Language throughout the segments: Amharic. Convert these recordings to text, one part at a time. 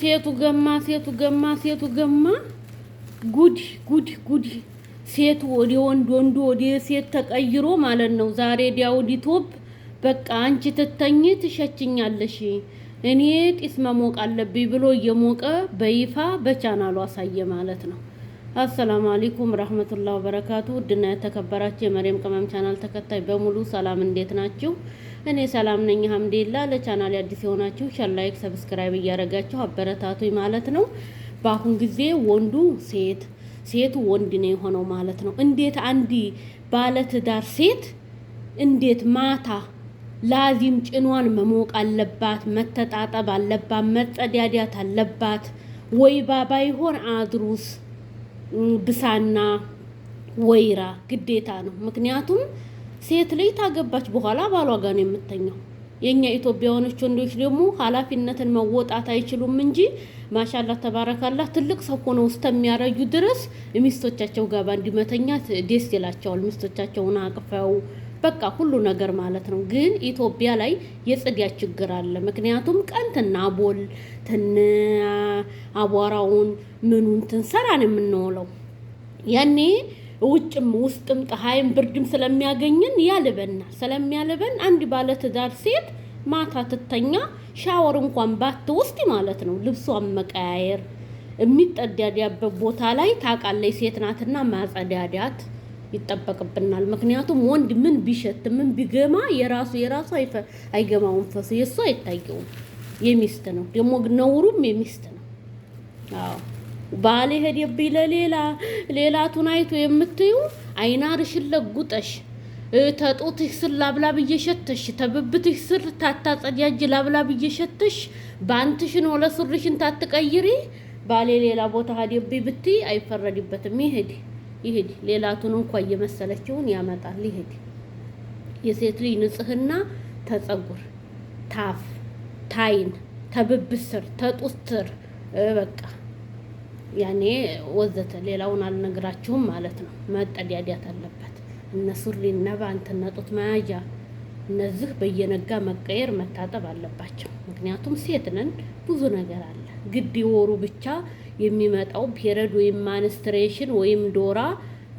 ሴቱ ገማ ሴቱ ገማ ሴቱ ገማ ጉድ ጉድ ጉድ ሴቱ ወደ ወንድ ወንዱ ወደ ሴት ተቀይሮ ማለት ነው። ዛሬ ዲያውዲቶብ በቃ አንቺ ትተኝ ትሸችኛለሽ፣ እኔ ጢስ መሞቅ አለብኝ ብሎ እየሞቀ በይፋ በቻናሉ አሳየ ማለት ነው። አሰላሙ አለይኩም ረህመቱላህ በረካቱ። ውድና የተከበራችሁ የመሬም ቅመም ቻናል ተከታይ በሙሉ ሰላም፣ እንዴት ናችሁ? እኔ ሰላም ነኝ ሀምዴላ። ለቻናል አዲስ የሆናችሁ ሸር፣ ላይክ፣ ሰብስክራይብ እያደረጋችሁ አበረታቱኝ ማለት ነው። በአሁን ጊዜ ወንዱ ሴት ሴቱ ወንድ ነው የሆነው ማለት ነው። እንዴት አንዲ ባለትዳር ሴት እንዴት ማታ ላዚም ጭኗን መሞቅ አለባት፣ መተጣጠብ አለባት፣ መጸዳዳት አለባት። ወይ ባባ ባይሆን አድሩስ ብሳና ወይራ ግዴታ ነው። ምክንያቱም ሴት ልጅ ታገባች በኋላ ባሏ ጋር ነው የምተኛው። የእኛ ኢትዮጵያውያኖች ወንዶች ደግሞ ኃላፊነትን መወጣት አይችሉም እንጂ ማሻላ ተባረካላ ትልቅ ሰው ሆነው እስከሚያረዩ ድረስ ሚስቶቻቸው ጋር እንዲመተኛት ደስ ይላቸዋል። ሚስቶቻቸውን አቅፈው በቃ ሁሉ ነገር ማለት ነው። ግን ኢትዮጵያ ላይ የጽድያ ችግር አለ። ምክንያቱም ቀን ትና ቦል አቧራውን ምኑን ትንሰራን የምንውለው ያኔ ውጭም ውስጥም ፀሐይም ብርድም ስለሚያገኝን ያልበናል። ስለሚያልበን አንድ ባለትዳር ሴት ማታ ትተኛ ሻወር እንኳን ባትወስድ ማለት ነው ልብሷን መቀያየር የሚጠዳዳበት ቦታ ላይ ታውቃለች፣ ሴት ናትና ማጸዳዳት ይጠበቅብናል። ምክንያቱም ወንድ ምን ቢሸት ምን ቢገማ የራሱ የራሱ አይገማውን ፈስ የእሱ አይታየውም። የሚስት ነው ደግሞ ነውሩም የሚስት ነው። አዎ ባል የሄደብኝ ለሌላ ሌላቱን አይቶ የምትዩ አይናርሽን ለጉጠሽ ተጦትሽ ስር ላብላብ እየሸተሽ ተብብትሽ ስር ታታጸዳጅ ላብላብ እየሸተሽ በአንትሽን ስርሽን ታትቀይሪ ባሌ ሌላ ቦታ ሄደብኝ ብትይ አይፈረድበትም። ይሄድ ይሄድ ሌላቱን እንኳ እየመሰለችውን ያመጣል። ይሄድ የሴት ልጅ ንጽህና ተጸጉር፣ ታፍ፣ ታይን፣ ተብብስር ተጡስትር በቃ ያኔ ወዘተ ሌላውን አልነግራችሁም ማለት ነው። መጠዳዳት አለበት። እነ ሱሪ እነ መያዣ እነዚህ በየነጋ መቀየር መታጠብ አለባቸው። ምክንያቱም ሴት ነን፣ ብዙ ነገር አለ። ግድ ወሩ ብቻ የሚመጣው ፔረድ ወይም ማንስትሬሽን ወይም ዶራ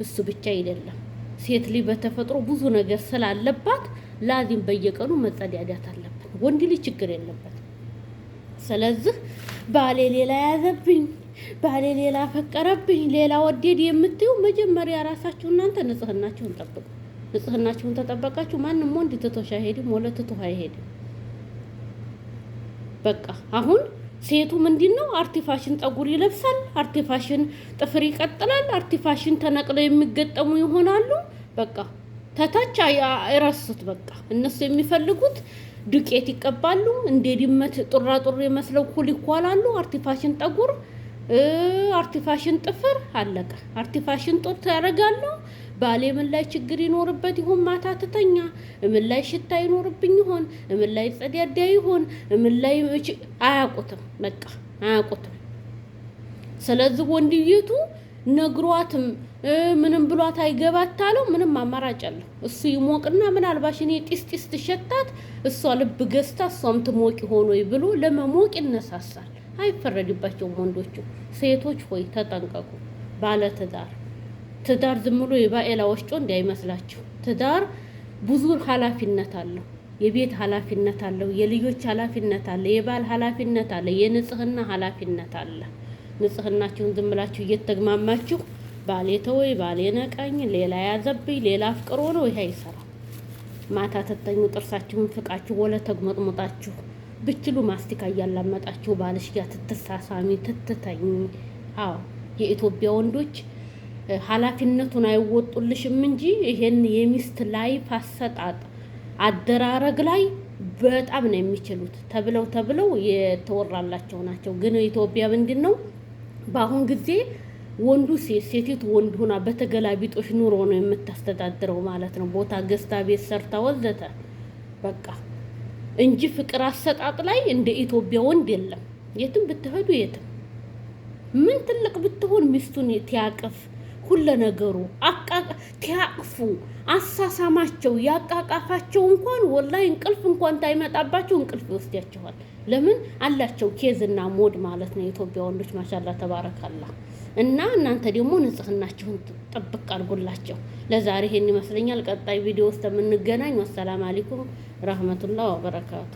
እሱ ብቻ አይደለም። ሴት ልጅ በተፈጥሮ ብዙ ነገር ስላለባት ላዚም በየቀኑ መጸዳዳት አለበት። ወንድ ልጅ ችግር የለበት። ስለዚህ ባሌ ሌላ ያዘብኝ ባሌ ሌላ ፈቀረብኝ፣ ሌላ ወደድ የምትዩ መጀመሪያ ራሳችሁ እናንተ ንጽህናችሁን ጠብቁ። ንጽህናችሁን ተጠበቃችሁ ማንም ወንድ ትቶሽ አይሄድም፣ ወለት ትቶ አይሄድም። በቃ አሁን ሴቱ ምንድን ነው? አርቲፋሽን ጠጉር ይለብሳል፣ አርቲፋሽን ጥፍር ይቀጥላል፣ አርቲፋሽን ተነቅለው የሚገጠሙ ይሆናሉ። በቃ ተታች አይረሱት። በቃ እነሱ የሚፈልጉት ዱቄት ይቀባሉ፣ እንደ ድመት ጡራጡር የመስለው ኩል ይኳላሉ። አርቲፋሽን ጠጉር አርቲፋሽን ጥፍር አለቀ። አርቲፋሽን ጦር ታደርጋለሁ። ባሌ ምን ላይ ችግር ይኖርበት ይሆን? ማታ ትተኛ። ምን ላይ ሽታ ይኖርብኝ ይሆን? ምን ላይ ጸዳዳ ይሆን? ምን ላይ አያውቁትም። በቃ አያውቁትም። ስለዚህ ወንድየቱ ነግሯትም ምንም ብሏት አይገባት አለው። ምንም አማራጭ አለ? እሱ ይሞቅና ምናልባሽ እኔ ጢስ ጢስ ትሸታት እሷ ልብ ገዝታ እሷም ይሆን ሆኖ ብሎ ለመሞቅ ይነሳሳል። አይፈረድባቸውም። ወንዶቹ ሴቶች ሆይ ተጠንቀቁ። ባለ ትዳር ትዳር ዝም ብሎ የባኤላ ወስጮ እንዳይመስላችሁ። ትዳር ብዙ ኃላፊነት አለው። የቤት ኃላፊነት አለው። የልጆች ኃላፊነት አለ። የባል ኃላፊነት አለ። የንጽህና ኃላፊነት አለ። ንጽህናችሁን ዝም ብላችሁ እየተግማማችሁ ባሌ ተወይ፣ ባሌ ነቃኝ፣ ሌላ ያዘብኝ፣ ሌላ አፍቅሮ ነው። ይሄ አይሰራም። ማታ ተተኙ ጥርሳችሁን ፍቃችሁ ወለ ተግመጥሙጣችሁ ብችሉ ማስቲካ እያላመጣችሁ ባልሽ ጋር ትትሳሳሚ ትትተኝ። አዎ የኢትዮጵያ ወንዶች ኃላፊነቱን አይወጡልሽም እንጂ ይሄን የሚስት ላይፍ አሰጣጥ አደራረግ ላይ በጣም ነው የሚችሉት ተብለው ተብለው የተወራላቸው ናቸው። ግን ኢትዮጵያ ምንድን ነው በአሁን ጊዜ ወንዱ ሴት ሴቲቱ ወንድ ሆና በተገላቢጦሽ ኑሮ ነው የምታስተዳድረው ማለት ነው። ቦታ ገዝታ ቤት ሰርታ ወዘተ በቃ እንጂ ፍቅር አሰጣጥ ላይ እንደ ኢትዮጵያ ወንድ የለም። የትም ብትሄዱ የትም ምን ትልቅ ብትሆን ሚስቱን ትያቅፍ፣ ሁለ ነገሩ ትያቅፉ፣ አሳሳማቸው ያቃቃፋቸው እንኳን ወላይ እንቅልፍ እንኳን ታይመጣባቸው እንቅልፍ ይወስዳቸዋል። ለምን አላቸው ኬዝና ሞድ ማለት ነው። የኢትዮጵያ ወንዶች ማሻላ ተባረካላ። እና እናንተ ደግሞ ንጽህናችሁን ጥብቅ አድርጉላቸው። ለዛሬ ይሄን ይመስለኛል። ቀጣይ ቪዲዮ ውስጥ የምንገናኝ። ወሰላም አሊኩም ረህመቱላ ወበረካቱ